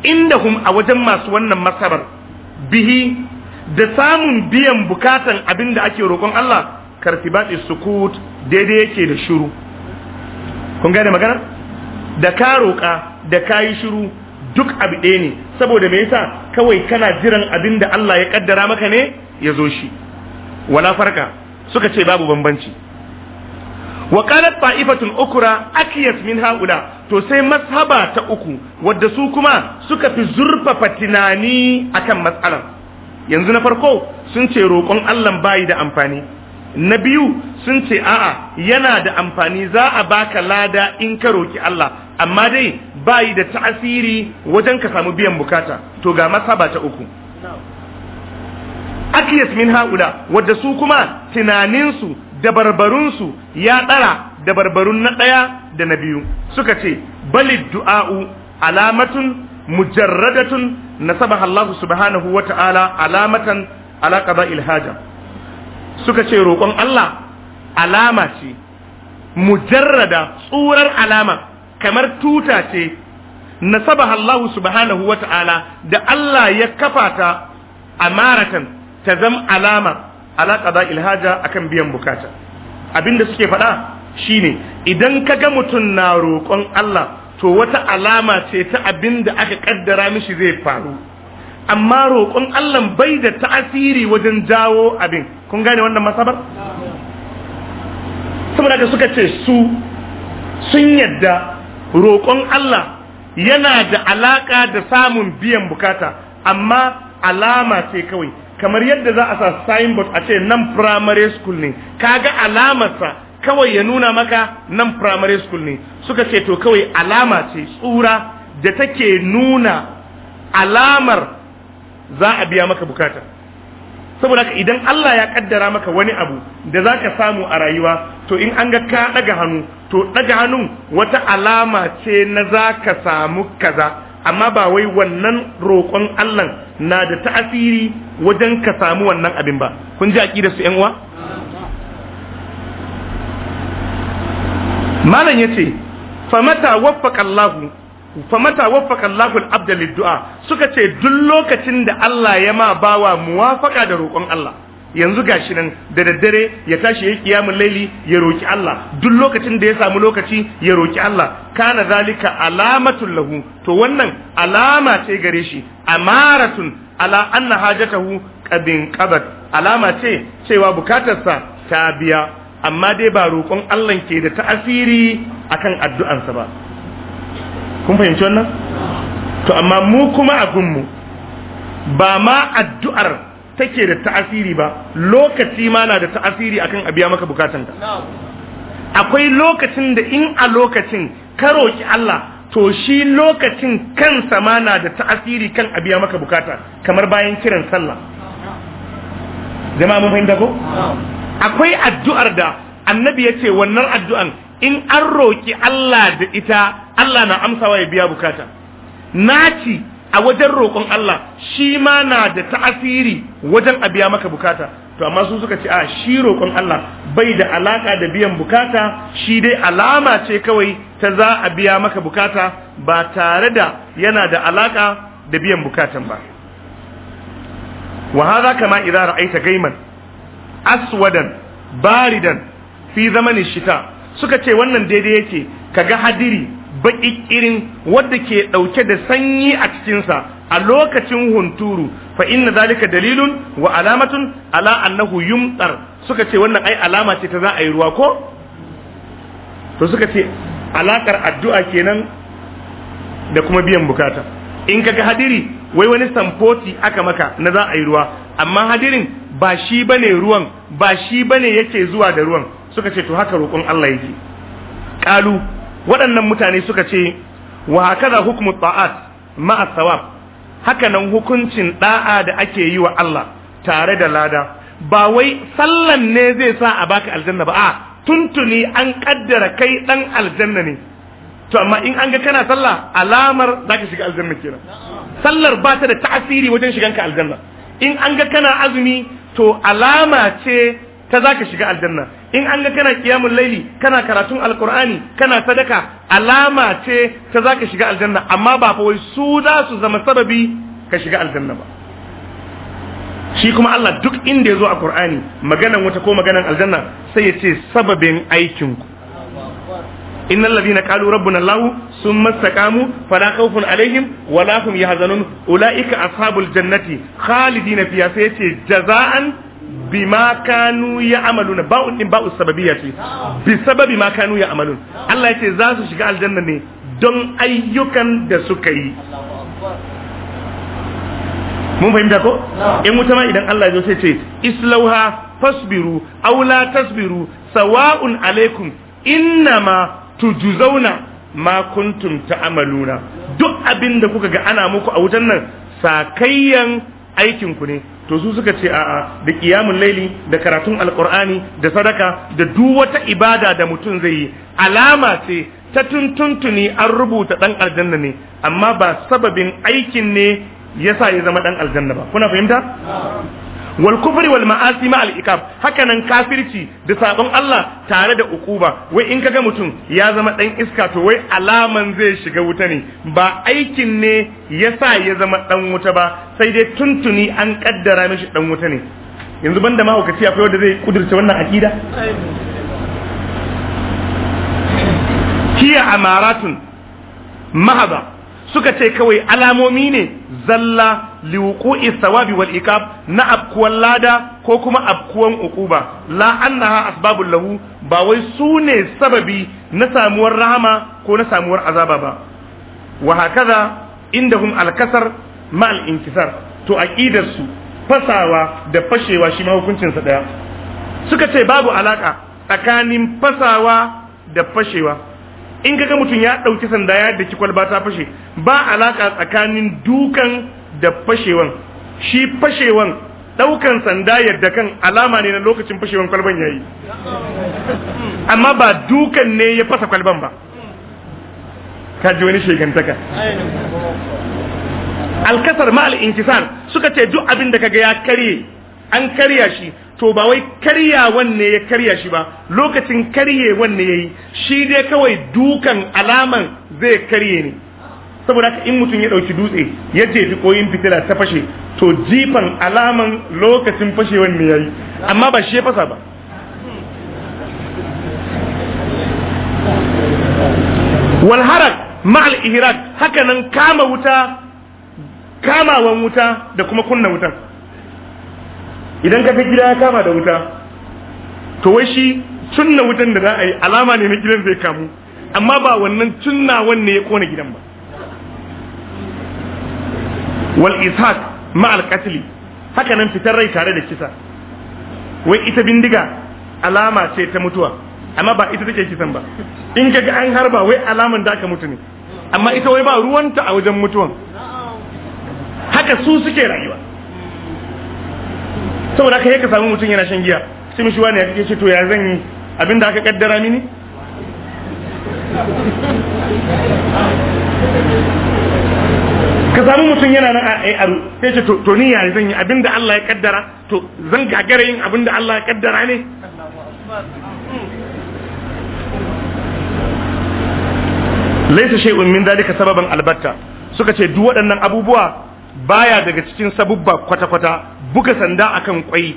indahum a wajen masu wannan masabar bihi da samun biyan bukatan abin da ake roƙon Allah karfi baɗi sukut daidai yake da shuru kun gane magana da ka roƙa da ka yi shuru duk abu ɗaya ne saboda me yasa kawai kana jiran abin da Allah ya ƙaddara maka ne ya zo shi wala farka suka ce babu bambanci wa qalat ta'ifatun ukra akiyas min haula to sai mashaba ta uku wadda su kuma suka fi zurfafa tunani akan matsalan yanzu na farko sun ce roƙon Allah bayi da amfani na biyu sun ce a'a yana da amfani za a baka lada in ka roki Allah amma dai yi da ta'asiri wajen ka samu biyan bukata to ga masaba ta uku akiyas min haula wadda su kuma tunaninsu dabarbarunsu ya ɗara dabarbarun na ɗaya da na biyu suka ce balid du'a'u alamatun mujarradatun saba Allah subhanahu wa ta'ala alamatan alaƙa qada'il suka ce roƙon Allah alama ce mujarrada tsurar alama kamar tuta ce saba Allah subhanahu wa ta'ala da Allah ya kafa ta amaratan ta zama alama ala qada ilhaja akan biyan bukata abinda suke faɗa shine idan ka ga mutum na roƙon Allah to wata alama ce ta abinda aka kaddara mishi zai faru amma roƙon Allah bai da ta'asiri wajen jawo abin kun gane wannan masabar saboda ka suka ce su sun yadda roƙon Allah yana da alaka da samun biyan bukata amma alama ce kawai kamar yadda za a sa signboard a ce nan primary school ne kaga alamarsa kawai ya nuna maka nan primary school ne suka ce to kawai alama ce tsura da take nuna alamar za a biya maka bukata saboda haka idan Allah ya kaddara maka wani abu da za ka samu a rayuwa to in an ga ka daga hannu to daga hannun wata alama ce na za ka samu kaza amma ba wai wannan roƙon Allah na da ta'asiri wajen ka samu wannan abin ba kun ji aqida su yan uwa malam yace famata waffaqa Allah famata waffaqa Allah al-abd lid-du'a suka ce duk lokacin da Allah ya ma bawa muwafaqa da roƙon Allah yanzu gashi nan da daddare ya tashi ya kiyamul laili ya roki Allah duk lokacin da ya samu lokaci ya roki Allah kana zalika alamatul lahu to wannan alama ce gare shi amaratun ala anna hajatahu qadin qabat alama ce cewa bukatarsa ta biya amma dai ba roƙon Allah ke da ta'asiri akan addu'ansa ba kun fahimci wannan to amma mu kuma a gunmu ba ma addu'ar take da ta'asiri ba lokaci ma na da ta'asiri akan a biya maka bukatanka akwai lokacin da in a lokacin ka roki Allah to shi lokacin kansa ma na da ta'asiri kan a biya maka bukata kamar bayan kiran sallah jama'a mun fahimta ko akwai addu'ar da annabi ya ce wannan addu'an in an roki Allah da ita Allah na amsawa ya biya bukata naci a wajen roƙon Allah shi ma na da ta'asiri wajen a biya maka bukata to amma su suka ce a shi roƙon Allah bai da alaka da biyan bukata shi dai alama ce kawai ta za a biya maka bukata ba tare da yana da alaka da biyan bukatan ba wa hadha kama idza ra'aita gaiman aswadan baridan fi zamanin shita suka ce wannan daidai yake kaga hadiri baki irin wadda ke ɗauke da sanyi a cikinsa a lokacin hunturu fa inna zalika dalilun wa alamatun ala annahu yumtar suka ce wannan ai alama ce ta za a yi ruwa ko to suka ce alakar addu'a kenan da kuma biyan bukata in ka ga hadiri wai wani samfoti aka maka na za a yi ruwa amma hadirin ba shi bane ruwan ba shi bane yake zuwa da ruwan suka ce to haka roƙon Allah yake qalu waɗannan mutane suka ce wa hakaza hukmu ta'at ma'a sawab haka nan hukuncin ɗa'a da ake yi wa Allah tare da lada ba wai sallan ne zai sa a baka aljanna ba a tuntuni an ƙaddara kai ɗan aljanna ne to amma in an ga kana sallah alamar ka shiga aljanna kenan sallar ba ta da tasiri wajen shiganka aljanna in an ga kana azumi to alama ce ta zaka shiga aljanna in an ga kana kiyamun laili kana karatun alkur'ani kana sadaka alama ce ta zaka shiga aljanna amma ba fa wai su za su zama sababi ka shiga aljanna ba shi kuma Allah duk inda ya zo a Qur'ani maganan wata ko maganan aljanna sai ya ce sababin aikin ku innal ladina qalu rabbuna Allah summa istaqamu fala khawfun alaihim wala hum yahzanun ulaika ashabul jannati khalidina fiha sai ya ce jaza'an bima kanu amaluna ba'un din ba'u sababiyya ce bi sababi ma kanu Allah ya ce za su shiga aljanna ne don ayyukan da suka yi mun fahimta ko in wuta ma idan Allah ya zo sai ce islauha fasbiru aw la tasbiru sawa'un alaikum innama tujzauna ma kuntum ta'maluna duk abinda kuka ga ana muku a wutan nan sakayyan aikin ku ne to su suka ce a'a da qiyamul laili da karatun alqur'ani da sadaka da duk wata ibada da mutum zai yi alama ce ta tuntuntuni an rubuta dan aljanna ne amma ba sababin aikin ne yasa ya zama dan aljanna ba kuna fahimta wal kufri wal ma'asi ma al ikab haka nan kafirci da sabon Allah tare da ukuba wai in kaga mutum ya zama dan iska to wai alaman zai shiga wuta ne ba aikin ne yasa ya zama dan wuta ba sai dai tuntuni an kaddara mishi dan wuta ne yanzu banda mahaukaci akwai wanda zai kudurta wannan akida hiya amaratun mahaba suka ce kawai alamomi ne zalla liwuqu'i thawabi wal ikab na abkuwan lada ko kuma abkuwan uquba la annaha asbabul lahu ba wai sune sababi na samuwar rahama ko na samuwar azaba ba wa hakaza indahum alkasar ma al inkisar to aqidar su fasawa da fashewa shi ma hukuncin sa daya suka ce babu alaka tsakanin fasawa da fashewa in kaga mutum ya dauki sanda ya da kwalba ta fashe ba alaka tsakanin dukan da fashewan shi fashewan daukan sanda yadda kan alama ne na lokacin fashewan kwalban yayi amma ba dukan ne ya fasa kwalban ba ka ji wani shegantaka alkasar ma suka ce duk abin da kaga ya karye an karya shi to ba wai karyawan ne ya karya shi ba lokacin karyewan ne yayi shi dai kawai dukan alaman zai karye ne saboda haka in mutum ya ɗauki dutse ya jefi koyin fitila ta fashe to jifan alaman lokacin fashewar ne ya yi amma ba shi ya fasa ba walharak ma'al ihrak haka nan kama wuta kamawan wuta da kuma kunna wuta idan ka fi gida ya kama da wuta to wai shi tunna wutan da za a yi alama ne na gidan zai kamu amma ba wannan tunna wanne ya kona gidan ba wal ishaq ma al qatl haka nan fitar rai tare da kisa wai ita bindiga alama ce ta mutuwa amma ba ita take kisan ba in kaga an harba wai alaman da aka mutu ne amma ita wai ba ruwanta a wajen mutuwan haka su suke rayuwa saboda haka ka samu mutum yana shan giya sai mishi wani ya kake ce to ya zan yi abinda aka kaddara mini ka samu mutum yana nan a aru sai ce to ni yayi zan yi abinda Allah ya kaddara to zan gagara yin abinda Allah ya kaddara ne laisa shay'un min dalika sababan albatta suka ce duk waɗannan abubuwa baya daga cikin sabubba kwata-kwata buga sanda akan kwai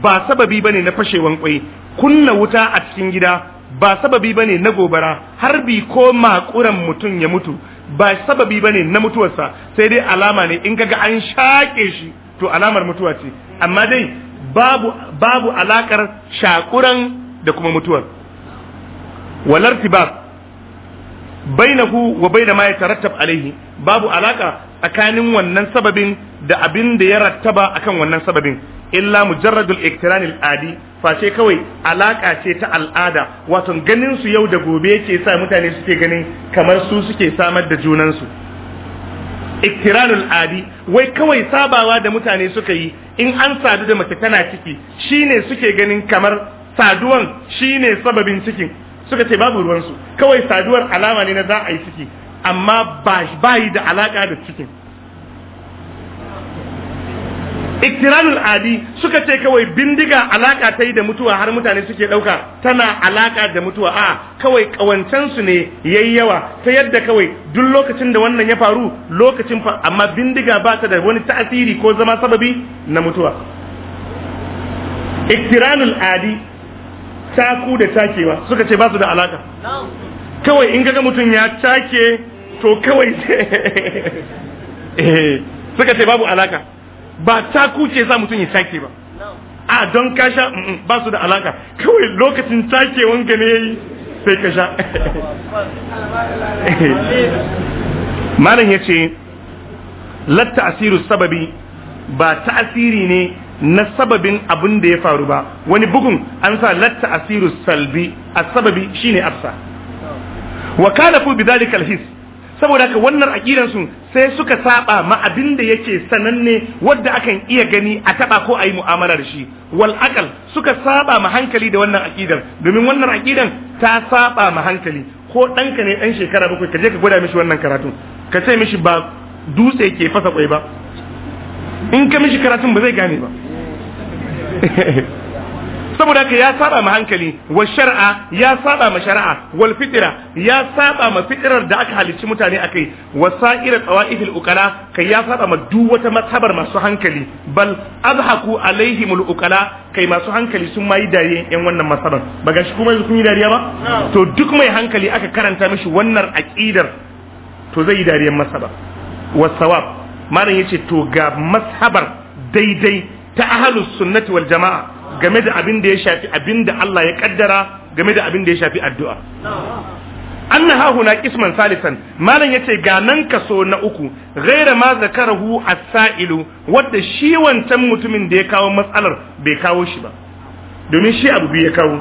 ba sababi bane na fashewan kwai kunna wuta a cikin gida ba sababi bane na gobara harbi ko makuran mutum ya mutu ba sababi ba ne na mutuwarsa sai dai alama ne in kaga an shaƙe shi to alamar mutuwa ce amma dai babu babu alakar shakuran da kuma mutuwar walartibab bainahu wa baina ma yatarattab alaihi babu alaka tsakanin wannan sababin da abin da ya rattaba akan wannan sababin illa mujarradul iktiranil adi face kawai alaka ce ta al'ada wato ganin su yau da gobe yake sa mutane suke ganin kamar su suke samar da junansu iktiranul adi wai kawai sabawa da mutane suka yi in an sadu da mace tana ciki shine suke ganin kamar saduwan shine sababin cikin suka ce babu ruwan su kawai saduwar alama ne na za a yi ciki amma ba yi da alaka da cikin iktiranul adi suka ce kawai bindiga alaka ta yi da mutuwa har mutane suke ɗauka tana alaka da mutuwa a kawai ƙawancensu ne yayi yawa ta yadda kawai duk lokacin da wannan ya faru lokacin fa amma bindiga ba ta da wani ta'asiri ko zama sababi na mutuwa iktiranul adi taku da takewa suka ce ba su da alaka kawai in ga mutum ya take to kawai eh, suka ce babu alaka ba ta kuce sa mutum ya take ba a don kasha ba su da alaka kawai lokacin take wanka ne yayi sai ka sha malam ya ce latta asiru sababi ba ta'asiri ne na sababin abin da ya faru ba wani bugun an sa latta asiru salbi a sababi shine afsa wa bi bidhalika alhis saboda haka wannan aqidan su sai suka saba ma abin da yake sananne wanda akan iya gani a taba ko ayi mu'amala da shi wal aqal suka saba ma hankali da wannan aqidan domin wannan aqidan ta saba ma hankali ko ɗanka ne ɗan shekara bakwai ka je ka gwada mishi wannan karatun ka ce mishi ba dutse ke fasa kwai ba in ka mishi karatun ba zai gane ba saboda haka ya saba ma hankali wa shar'a ya saba ma shar'a wal fitira ya saba ma fiɗirar da aka halicci mutane akai wa sa'ira tawaifil uqala kai ya saba ma duk wata mazhabar masu hankali bal azhaku alaihimul uqala kai masu hankali sun mayi dariya yan wannan mazhabar ba gashi kuma yanzu kun yi dariya ba to duk mai hankali aka karanta mishi wannan aqidar to zai yi dariyar mazhabar wasawab malam yace to ga masabar daidai ta ahlus sunnati wal jama'a game da abin da ya shafi abin da Allah ya kaddara game da abin da ya shafi addu'a anna hahuna qisman salisan malam yace ga nan kaso na uku ghaira ma zakarahu as-sa'ilu wanda shi wancan mutumin da ya kawo matsalar bai kawo shi ba domin shi abu ya kawo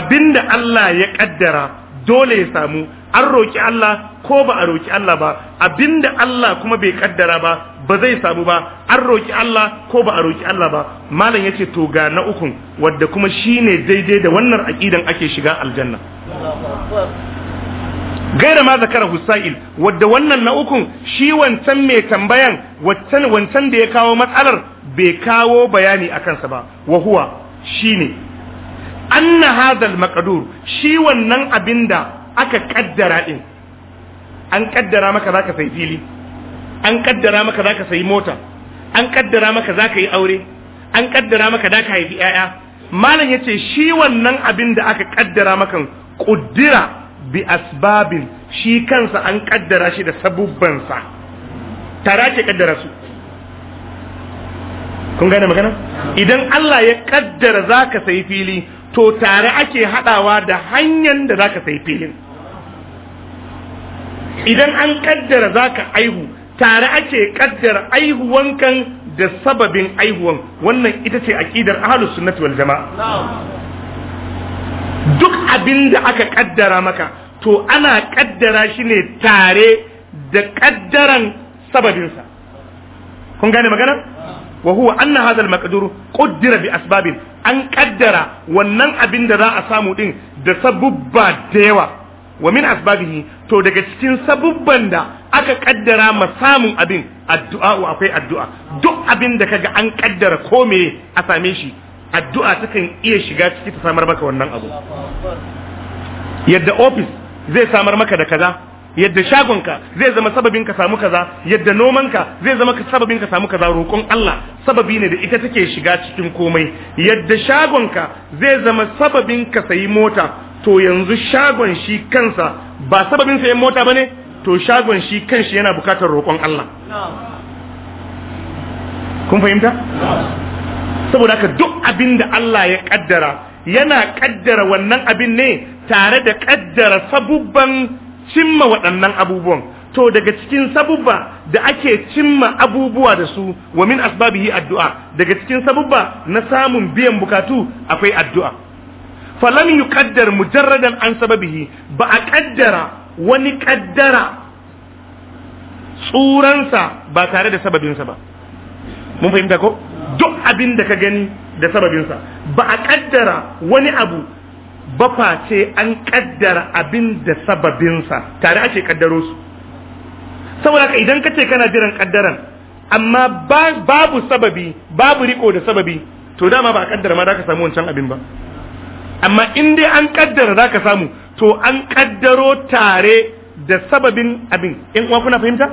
abinda Allah ya kaddara dole ya samu an roki Allah ko ba a roki Allah ba abinda Allah kuma bai kaddara ba ba zai samu ba an roki Allah ko ba a roki Allah ba malam yace to ga na ukun wadda kuma shine daidai da wannan aqidan ake shiga aljanna gaira ma zakara husail wadda wannan na ukun shi wancan mai tambayan wancan wancan da ya kawo matsalar bai kawo bayani a kansa ba wa huwa shine anna hadha maqdur shi wannan abinda aka kaddara din an kaddara maka zaka sai fili an kaddara maka zaka sai mota an kaddara maka zaka yi aure an kaddara maka zaka haifi yaya malam yace shi wannan abin da aka kaddara maka kuddira bi asbabin shi kansa an kaddara shi da sa tara ke kaddara su kun gane magana idan Allah ya kaddara zaka sai fili to tare ake hadawa da hanyar da zaka sai filin idan an kaddara zaka aihu tare ake kaddara aihuwankan da sababin aihuwan wannan ita ce aqidar ahlus sunnati wal jamaa duk abin da aka kaddara maka to ana kaddara shi ne tare da kaddaran sababinsa kun gane magana wa huwa anna hadha al-maqdur qaddara bi asbabin an kaddara wannan abin da za a samu din da sabubba da yawa wa min asbabihi to daga cikin sabubban da aka kaddara ma samun abin addu'a akwai addu'a duk abin da kaga an kaddara ko me a same shi addu'a takan iya shiga ciki ta samar maka wannan abu yadda office zai samar maka da kaza yadda shagonka zai zama sababin ka samu kaza yadda nomanka zai zama sababin ka samu kaza roƙon Allah sababi ne da ita take shiga cikin komai yadda shagonka zai zama sababin ka sayi mota to yanzu shagon shi kansa ba sababin sayan mota bane to shagon shi kanshi yana bukatar roƙon Allah kun fahimta saboda haka duk abin da Allah ya kaddara yana kaddara wannan abin ne tare da kaddara sabubban cimma waɗannan abubuwan to daga cikin sabubba da ake cimma abubuwa da su wa min asbabihi addu'a daga cikin sabubba na samun biyan bukatu akwai addu'a falam yuqaddar mujarradan an sababihi ba a kaddara wani kaddara tsuransa ba tare da sababinsa ba mun fahimta ko duk abin da ka gani da sababinsa ba a kaddara wani abu bafa ce an kaddara abin da sababinsa tare ake kaddaro su saboda ka idan kace kana jiran kaddaran amma babu sababi babu riko da sababi to dama ba a kaddara ma za ka samu wancan abin ba amma in dai an kaddara za ka samu to an kaddaro tare da sababin abin in uwa kuna fahimta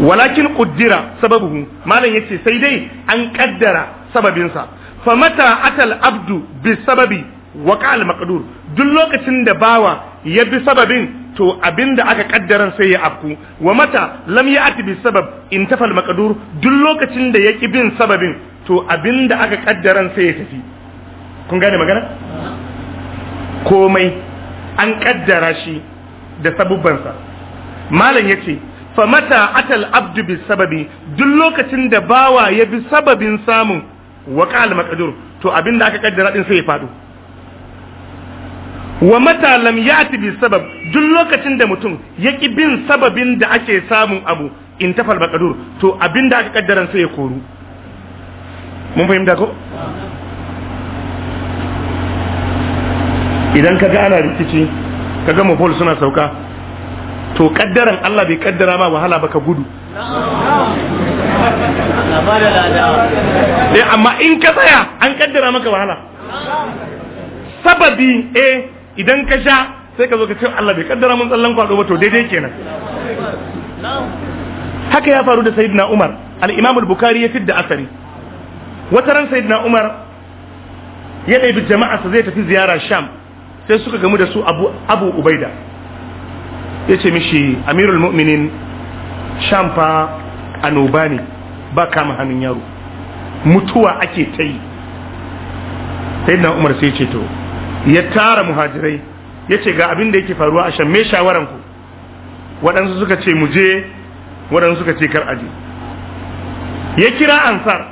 walakin kuddira sababuhu malam yace sai dai an kaddara sababinsa fa mata atal abdu bi sababi wa qal maqdur duk lokacin da bawa ya bi sababin to abinda aka kaddaran sai ya afku wa mata lam ati bi sabab intafal maqdur duk lokacin da ya ki bin sababin to abinda aka kaddaran sai ya tafi kun gane magana komai an kaddara shi da sabubbansa malam yace fa mata atal abdu bi sababi duk lokacin da bawa ya bi sababin samun wa qal maqdur to abin da aka kaddara din sai ya fadu wa mata lam yati bi sabab duk lokacin da mutum ya ki bin sababin da ake samun abu in tafal maqdur to abin da aka kaddara sai ya koru mun fahimta ko idan kaga ana rikici kaga bol suna sauka to kaddaran Allah bai kaddara ma wahala ba ka gudu dai eh, amma in ka tsaya an kaddara maka wahala sababi e, idan ka sha sai ka zo ka ce Allah bai kaddara mun tsallan kwado ba to daidai kenan haka ya faru da sayyidina Umar al-Imam al-Bukhari ya fidda asari wata ran sayyidina Umar ya jama'ar jama'a sa zai tafi ziyara Sham sai suka gamu da su Abu Abu Ubaida yace mishi Amirul Mu'minin Sham fa annoba ne ba kama hannun yaro mutuwa ake ta yi sai na umar sai ce to ya tara muhajirai ya ce ga abin da yake faruwa a shamme shawaran ku waɗansu suka ce mu je waɗansu suka ce kar aje ya kira ansar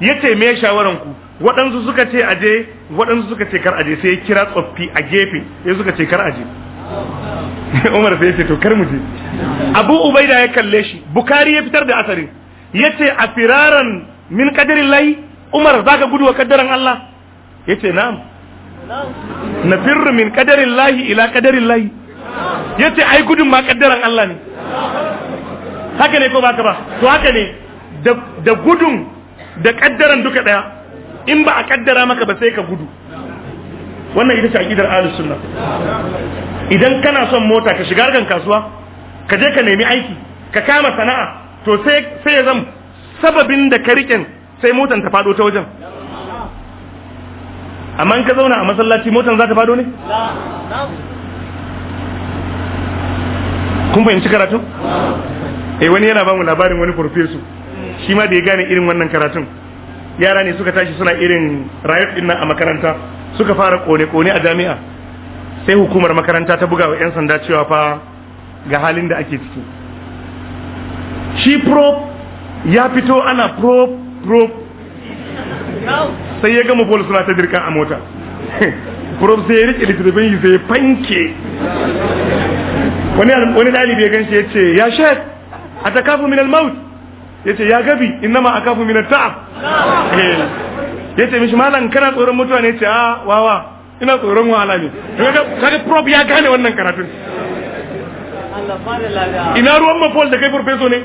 ya ce me shawaran ku waɗansu suka ce aje waɗansu suka ce kar aje sai ya kira tsoffi a gefe ya suka ce kar aje umar sai ce to kar mu je abu ubaida ya kalle shi bukari ya fitar da asari yace a firaran min qadarillahi umar zaka gudu wa kaddaran Allah yace na'am na firru min qadarillahi ila qadarillahi yace ai gudun ma kaddaran Allah ne haka ne ko baka ba to haka ne da gudun da kaddaran duka daya in ba a kaddara maka ba sai ka gudu wannan ita ce aqidar ahlus sunna idan kana son mota ka shiga harkan kasuwa ka je ka nemi aiki ka kama sana'a to sai sai ya zama sababin da ka riken sai motan ta fado ta wajen amma in ka zauna a masallaci motan za ta fado ne kun fahimci karatu eh wani yana ba mu labarin wani profesor shi ma da ya gane irin wannan karatun yara ne suka tashi suna irin rayuwar din a makaranta suka fara kone-kone a jami'a sai hukumar makaranta ta buga wa 'yan sanda cewa fa ga halin da ake ciki shi prop ya fito ana prop prop sai ya gama polis suna ta dirkan a mota prop sai ya rike littattafin yi sai ya fanke wani ɗalibi ya ganshi ya ce ya shek a takafu min al yace ya gabi innama akafu min ya eh. yace mishi malam kana tsoron mutuwa ne yace a ah, wawa ina tsoron wahala ne kaga prof ya gane wannan karatun ina ruwan mafol da kai farfeso ne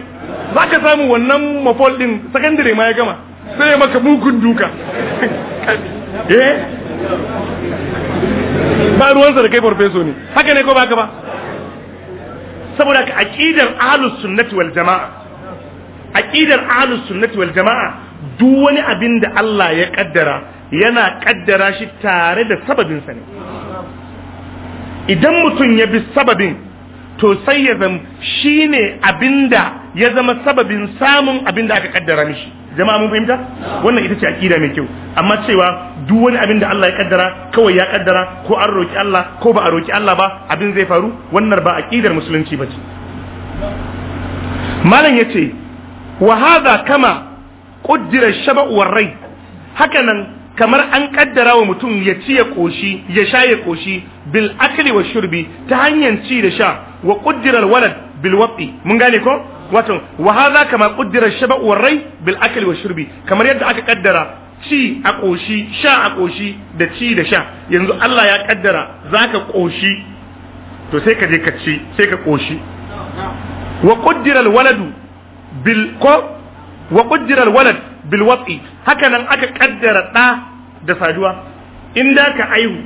za ka samu wannan mafol din sakandare ma ya gama sai ya maka mugun duka eh ba ruwansa da kai farfeso ne haka ne ko baka ba saboda ka aqidar ahlus sunnati wal jamaa aqidar ahlus sunnati wal jama'a duk wani abin da Allah ya kaddara yana kaddara shi tare da sababin sa ne idan mutum ya bi sababin to sai ya zama shine abinda ya zama sababin samun abinda aka kaddara mishi jama'a mun fahimta wannan ita ce akida mai kyau amma cewa duk wani abin da Allah ya kaddara kawai ya kaddara ko an roki Allah ko ba a roki Allah ba abin zai faru wannan ba aqidar musulunci bace malam yace wa hadha kama quddira shaba'u war rai hakanan kamar an kaddara wa mutum ya ci ya koshi ya sha ya koshi bil akli wa shurbi ta hanyar ci da sha wa quddira al walad bil waqi mun gane ko wato wa hadha kama quddira shaba'u war rai bil akli wa shurbi kamar yadda aka kaddara ci a koshi sha a koshi da ci da sha yanzu Allah ya kaddara zaka koshi to sai ka je ka ci sai ka koshi wa quddira al waladu bil ko wa qaddara walad bil wat'i hakanan aka kaddara da da saduwa in da ka aihu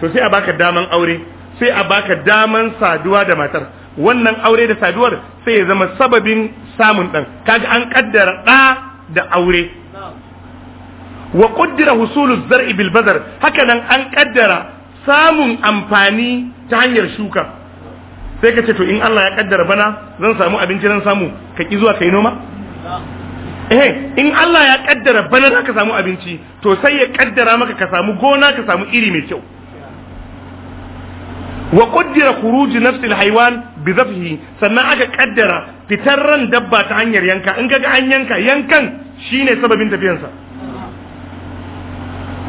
to sai a baka daman aure sai a baka daman saduwa da matar wannan aure da saduwar sai ya zama sababin samun dan kaga an kaddara da da aure wa qaddara husulu zar'i bil bazar an kaddara samun amfani ta hanyar shuka sai ka ce to in Allah ya kaddara bana zan samu abinci zan samu ka ki zuwa kai noma eh in Allah ya kaddara bana za ka samu abinci to sai ya kaddara maka ka samu gona ka samu iri mai kyau wa qaddara khuruj nafsil haywan bi zafhi sannan aka kaddara fitar ran dabba ta hanyar yanka in kaga an yanka yankan shine sababin tafiyansa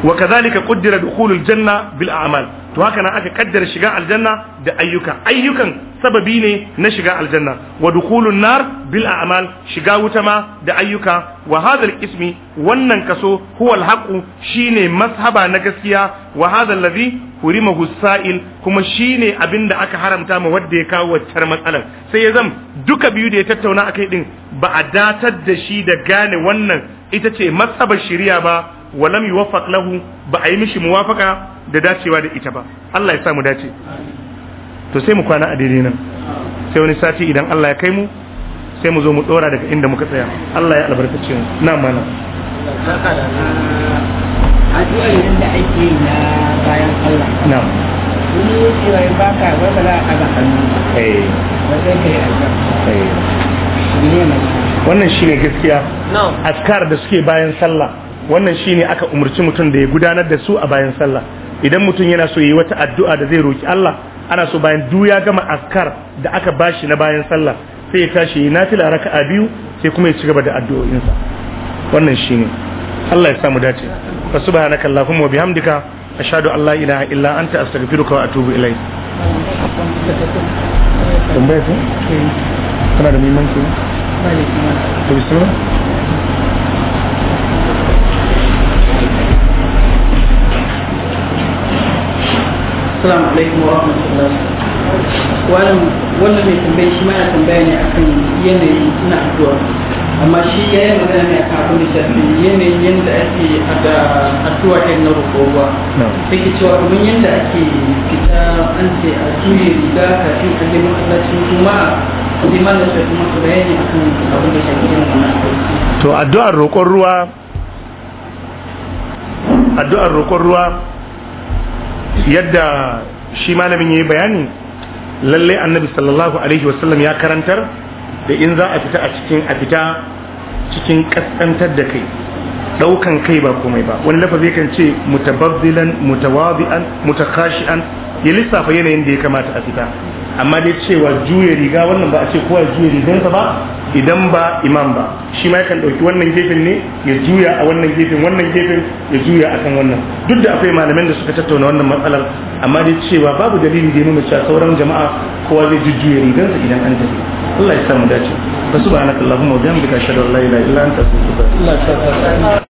wa kadhalika qaddara dukhulul janna bil a'mal to haka nan aka kaddara shiga aljanna da ayyuka ayyukan sababi ne na shiga aljanna wa dukhulun nar bil a'mal shiga wuta ma da ayyuka wa hadhal ismi wannan kaso huwa al shine mashaba na gaskiya wa hadhal ladhi hurima Husa'il, kuma shine abinda aka haramta ma wanda ya kawo waccar matsalar sai ya zam duka biyu da ya tattauna akai din ba a datar da shi da gane wannan ita ce mashabar shari'a ba wa lam yuwaffaq lahu ba a yi mishi muwafaka da dacewa da ita ba Allah ya sa mu dace to sai mu kwana a daidai nan sai wani sati idan Allah ya kai mu sai mu zo mu dora daga inda muka tsaya Allah ya albarkace mu na mana addu'ar nan da ake yi na bayan Allah na wani yake wai baka wai eh. ba a eh. da suke bayan sallah wannan shine aka umarci mutum da ya gudanar da su a bayan sallah idan mutum yana so yi wata addu'a da zai roki Allah ana so bayan duk ya gama askar da aka bashi na bayan sallah sai ya tashi yi nafila raka'a biyu sai kuma ya ci gaba da addu'o'insa wannan shine Allah ya sa mu dace fa ba allahumma wa bihamdika ashhadu an la ilaha illa anta astaghfiruka wa atubu ilayk tambaya ce kana da muhimmanci ne to bismillah assalamu alaikum wa rahmatullah wannan wannan mai tambaye shi ma ya tambaya ne akan yanayi na addu'a amma shi ya yi magana ne akan abin da shafi yanayin yadda ake ada addu'a ɗin na rukowa take cewa domin yadda ake fita an ce a juye riga kafin a kuma shafi bayani akan abin da shafi yin wannan to addu'ar roƙon ruwa addu'ar roƙon ruwa yadda shi malamin yi bayani lalle annabi sallallahu alaihi wasallam ya karantar da in za a fita a cikin a fita cikin kaskantar da kai daukan kai ba komai ba wani lafazi kan ce mutababbilan mutawadi'an mutakhashi'an ya lissafa yanayin da ya kamata a fita amma dai cewa juya riga wannan ba a ce kowa juya rigansa ba idan ba imam ba shi ma yakan ɗauki wannan gefen ne ya juya a wannan gefen wannan gefen ya juya a kan wannan duk da akwai malamin da suka tattauna wannan matsalar amma dai cewa babu dalili da ya nuna cewa sauran jama'a kowa zai jujjuya rigansa idan an tafi Allah ya samu dace ba subhanakallahumma wa bihamdika ashhadu an la ilaha illa anta astaghfiruka wa atubu